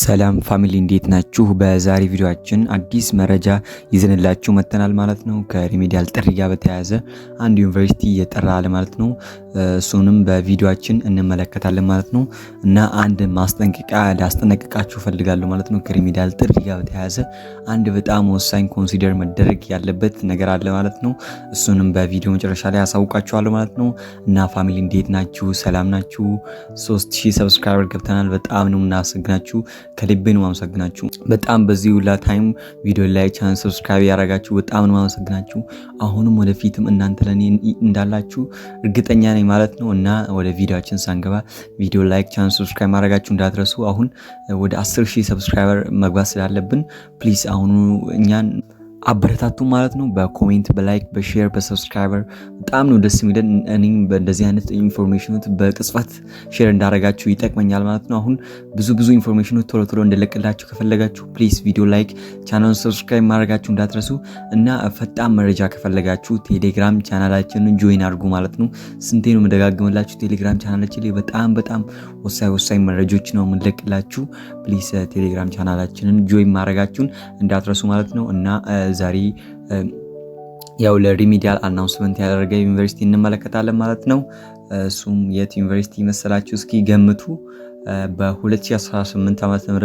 ሰላም ፋሚሊ እንዴት ናችሁ? በዛሬ ቪዲዮአችን አዲስ መረጃ ይዘንላችሁ መጥተናል ማለት ነው። ከሪሜዲያል ጥሪ ጋር በተያያዘ አንድ ዩኒቨርሲቲ እየጠራ አለ ማለት ነው። እሱንም በቪዲዮአችን እንመለከታለን ማለት ነው። እና አንድ ማስጠንቀቂያ ላስጠነቅቃችሁ ፈልጋለሁ ማለት ነው። ከሪሜዲያል ጥሪ ጋር በተያያዘ አንድ በጣም ወሳኝ ኮንሲደር መደረግ ያለበት ነገር አለ ማለት ነው። እሱንም በቪዲዮ መጨረሻ ላይ አሳውቃችኋለሁ ማለት ነው። እና ፋሚሊ እንዴት ናችሁ? ሰላም ናችሁ? 3000 ሰብስክራይበር ገብተናል። በጣም ነው እናመሰግናችሁ ከልቤ ነው ማመሰግናችሁ። በጣም በዚህ ሁላ ታይም ቪዲዮ ላይ ቻን ሰብስክራይብ ያደረጋችሁ በጣም ነው ማመሰግናችሁ። አሁንም ወደፊትም እናንተ ለእኔ እንዳላችሁ እርግጠኛ ነኝ ማለት ነው እና ወደ ቪዲዮችን ሳንገባ ቪዲዮ ላይ ቻን ሰብስክራይብ ማድረጋችሁ እንዳትረሱ። አሁን ወደ 10 ሺህ ሰብስክራይበር መግባት ስላለብን ፕሊዝ አሁኑ እኛን አበረታቱ ማለት ነው። በኮሜንት በላይክ በሼር በሰብስክራይበር በጣም ነው ደስ የሚለን። እኔም በእንደዚህ አይነት ኢንፎርሜሽኖች በቅጽበት ሼር እንዳረጋችሁ ይጠቅመኛል ማለት ነው። አሁን ብዙ ብዙ ኢንፎርሜሽኖች ቶሎ ቶሎ እንደለቅላችሁ ከፈለጋችሁ ፕሊስ ቪዲዮ ላይክ፣ ቻናሉን ሰብስክራይብ ማድረጋችሁ እንዳትረሱ እና ፈጣን መረጃ ከፈለጋችሁ ቴሌግራም ቻናላችንን ጆይን አድርጉ ማለት ነው። ስንቴ ነው የምደጋግምላችሁ? ቴሌግራም ቻናላችን ላይ በጣም በጣም ወሳኝ ወሳኝ መረጆች ነው የምንለቅላችሁ። ፕሊስ ቴሌግራም ቻናላችንን ጆይን ማድረጋችሁን እንዳትረሱ ማለት ነው እና ዛሬ ያው ለሪሚዲያል አናውንስመንት ያደረገ ዩኒቨርሲቲ እንመለከታለን ማለት ነው። እሱም የት ዩኒቨርሲቲ መሰላችሁ? እስኪ ገምቱ። በ2018 ዓ ም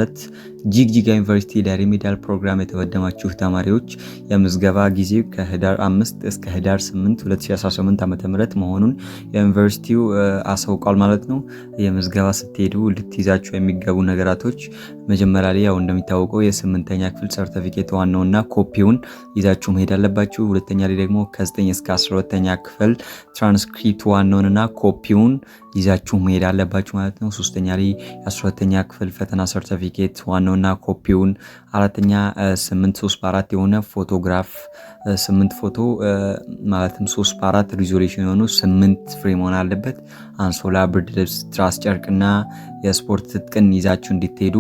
ጅግጅጋ ዩኒቨርሲቲ ለሪሚዲያል ፕሮግራም የተበደማችሁ ተማሪዎች የምዝገባ ጊዜ ከህዳር 5 እስከ ህዳር 8 2018 ዓ ም መሆኑን የዩኒቨርሲቲው አሳውቋል ማለት ነው። የምዝገባ ስትሄዱ ልትይዛቸው የሚገቡ ነገራቶች መጀመሪያ ላይ ያው እንደሚታወቀው የስምንተኛ ክፍል ሰርተፊኬት ዋናውና ኮፒውን ይዛችሁ መሄድ አለባችሁ። ሁለተኛ ላይ ደግሞ ከ9 እስከ 12ተኛ ክፍል ትራንስክሪፕት ዋናውንና ኮፒውን ይዛችሁ መሄድ አለባችሁ ማለት ነው። ሶስተኛ ላይ የ12ኛ ክፍል ፈተና ሰርተፊኬት ዋናውና ኮፒውን አራተኛ ስምንት ሶስት በአራት የሆነ ፎቶግራፍ 8 ፎቶ ማለትም ሶስት በአራት ሪዞሉሽን የሆኑ 8 ፍሬም መሆን አለበት። አንሶላ፣ ብርድ ልብስ፣ ትራስ ጨርቅና የስፖርት ትጥቅን ይዛችሁ እንድትሄዱ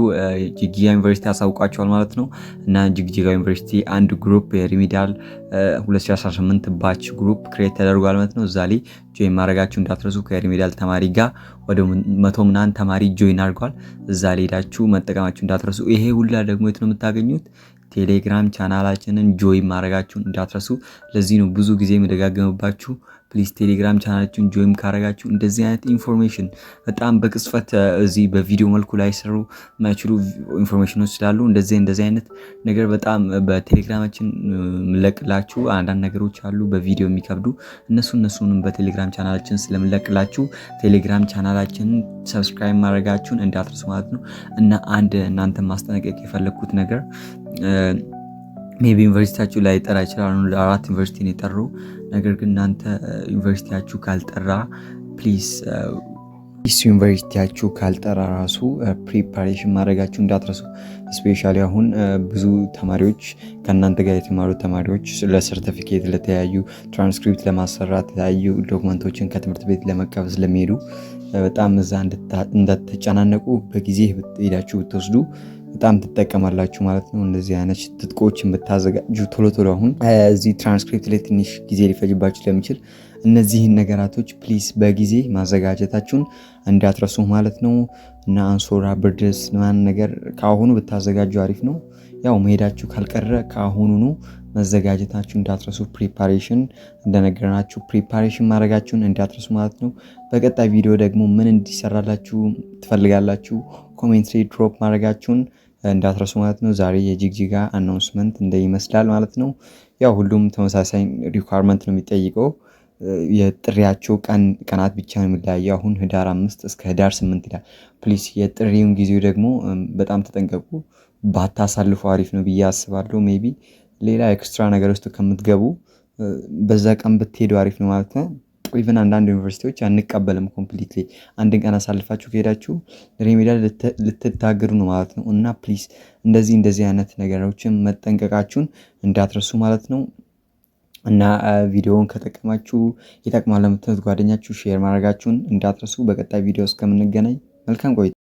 ጅግጅጋ ዩኒቨርሲቲ አሳውቋቸዋል ማለት ነው እና ጅግጅጋ ዩኒቨርሲቲ አንድ ግሩፕ የሪሚዲያል 2018 ባች ግሩፕ ክሬት ተደርጓል ማለት ነው። እዛ ላይ ጆይን ማድረጋችሁ እንዳትረሱ። ከሪሚዲያል ተማሪ ጋር ወደ መቶ ምናምን ተማሪ ጆይን አድርጓል። እዛ ሌዳችሁ መጠቀማችሁ እንዳትረሱ። ይሄ ሁላ ደግሞ የት ነው የምታገኙት? ቴሌግራም ቻናላችንን ጆይን ማድረጋችሁን እንዳትረሱ። ለዚህ ነው ብዙ ጊዜ የምደጋገምባችሁ ፕሊስ ቴሌግራም ቻናላችን ጆይም ካረጋችሁ እንደዚህ አይነት ኢንፎርሜሽን በጣም በቅጽፈት እዚህ በቪዲዮ መልኩ ላይ ሰሩ የማይችሉ ኢንፎርሜሽኖች ስላሉ እንደዚህ እንደዚህ አይነት ነገር በጣም በቴሌግራማችን ምለቅላችሁ አንዳንድ ነገሮች አሉ በቪዲዮ የሚከብዱ እነሱ እነሱንም በቴሌግራም ቻናላችን ስለምለቅላችሁ ቴሌግራም ቻናላችን ሰብስክራይብ ማድረጋችሁን እንዳትረሱ ማለት ነው እና አንድ እናንተ ማስጠነቀቅ የፈለግኩት ነገር ሜቢ ዩኒቨርሲቲያችሁ ላይ ጠራ ይችላሉ። አራት ዩኒቨርሲቲ ነው የጠሩ። ነገር ግን እናንተ uh, ዩኒቨርሲቲያችሁ ካልጠራ ፕሊስ ሱ uh, ዩኒቨርሲቲያችሁ ካልጠራ ራሱ ፕሪፓሬሽን uh, ማድረጋችሁ እንዳትረሱ። ስፔሻሊ አሁን ብዙ ተማሪዎች ከእናንተ ጋር የተማሩ ተማሪዎች ለሰርተፊኬት፣ ለተለያዩ ትራንስክሪፕት ለማሰራት የተለያዩ ዶክመንቶችን ከትምህርት ቤት ለመቀበል ስለሚሄዱ በጣም እዛ እንደተጨናነቁ በጊዜ ሄዳችሁ ብትወስዱ በጣም ትጠቀማላችሁ ማለት ነው። እንደዚህ አይነት ትጥቆችን ብታዘጋጁ ቶሎ ቶሎ አሁን እዚህ ትራንስክሪፕት ላይ ትንሽ ጊዜ ሊፈጅባችሁ ስለሚችል እነዚህን ነገራቶች ፕሊስ በጊዜ ማዘጋጀታችሁን እንዳትረሱ ማለት ነው። እና አንሶራ ብርድስ ማን ነገር ከአሁኑ ብታዘጋጁ አሪፍ ነው። ያው መሄዳችሁ ካልቀረ ከአሁኑኑ መዘጋጀታችሁ እንዳትረሱ፣ ፕሪፓሬሽን እንደነገርናችሁ ፕሪፓሬሽን ማድረጋችሁን እንዳትረሱ ማለት ነው። በቀጣይ ቪዲዮ ደግሞ ምን እንዲሰራላችሁ ትፈልጋላችሁ? ኮሜንት ድሮፕ ማድረጋችሁን እንዳትረሱ ማለት ነው። ዛሬ የጅግጅጋ አናውንስመንት እንደ ይመስላል ማለት ነው። ያው ሁሉም ተመሳሳይ ሪኳርመንት ነው የሚጠይቀው። የጥሪያቸው ቀናት ብቻ ነው የሚለያየው። አሁን ህዳር አምስት እስከ ህዳር ስምንት ይላል። ፕሊስ የጥሪውን ጊዜው ደግሞ በጣም ተጠንቀቁ። ባታሳልፉ አሪፍ ነው ብዬ አስባለሁ። ሜቢ ሌላ ኤክስትራ ነገር ውስጥ ከምትገቡ በዛ ቀን ብትሄዱ አሪፍ ነው ማለት ነው። ኢቨን አንዳንድ ዩኒቨርሲቲዎች አንቀበልም ኮምፕሊትሊ አንድን ቀን አሳልፋችሁ ከሄዳችሁ ሪሜዲያል ልትታገዱ ነው ማለት ነው። እና ፕሊስ እንደዚህ እንደዚህ አይነት ነገሮችን መጠንቀቃችሁን እንዳትረሱ ማለት ነው። እና ቪዲዮውን ከጠቀማችሁ ይጠቅማል ለምትሉት ጓደኛችሁ ሼር ማድረጋችሁን እንዳትረሱ። በቀጣይ ቪዲዮ እስከምንገናኝ መልካም ቆይታ